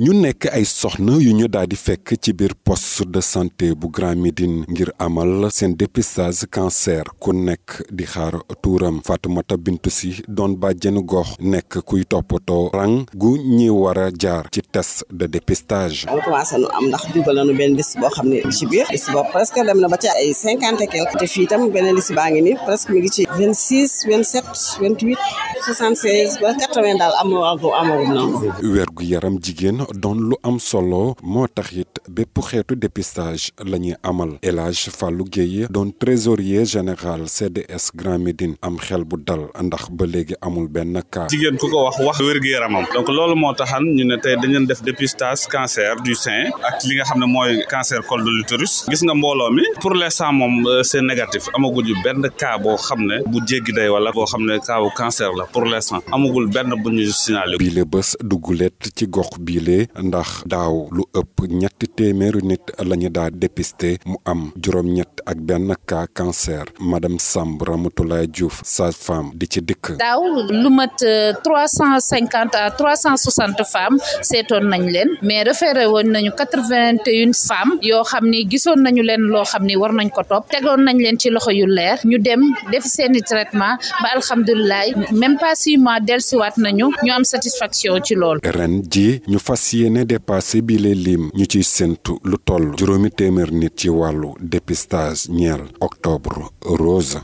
ñu nekk ay soxna yu ñu daal di fekk ci biir post de santé bu Grand Médine ngir amal seen dépistage cancer ku nekk di xaar tuuram Fatoumata Bintou Sy doon bàjjenu gox nekk kuy toppatoo rang gu ñi war a jaar ci test de dépistage. am boo xam ne ci biir presque dem na ba ci ay te fii tam beneen liste baa ngi nii presque mi ngi ci vingt six vingt sept vingt huit soixante seize ba quatre vingt daal am na amagum na. gu yaram jigéen don lu am solo moo tax it bépp xeetu dépistage la ñuy amal El Hadj Fallou Guèye doon trésorier général CDS Grand Médine am xel bu dal ndax ba léegi amul benn cas. jigéen ku ko wax wax wér gu yaramam. donc loolu moo taxan ñu ne tey dañu def dépistage cancer du sein ak li nga xam ne mooy cancer col de gis nga mbooloo mi pour l'instant moom euh, c'est négatif amaguñu benn cas boo xam ne bu jéggi day wala boo xam ne cas cancer la pour l'instant amagul benn bile bés duggulet ci gox biile ndax daaw lu ëpp ñetti téeméeri nit la ñu daa dépisté mu am juróom-ñett ak benn cas cancer madame Samb Ramatoulaye Diouf sage-femme di ci dikk. daaw lu mat euh, trois cent cinquante à trois cent soixante femmes seetoon nañ leen mais référé woon nañu quatre vingt et femmes yoo xam ni gisoon nañu leen loo xam ni war nañ ko topp tegoon nañ leen ci loxo yu leer ñu dem def seeni traitement ba alhamdulilah même pas six mois dellusiwaat nañu ñu am satisfaction. satisfaction ci lool ren ji ñu fas yéene dépassé bi lim ñu ciy séntu lu toll juróomi téeméer nit ci wàllu dépistage ñeel octobre rose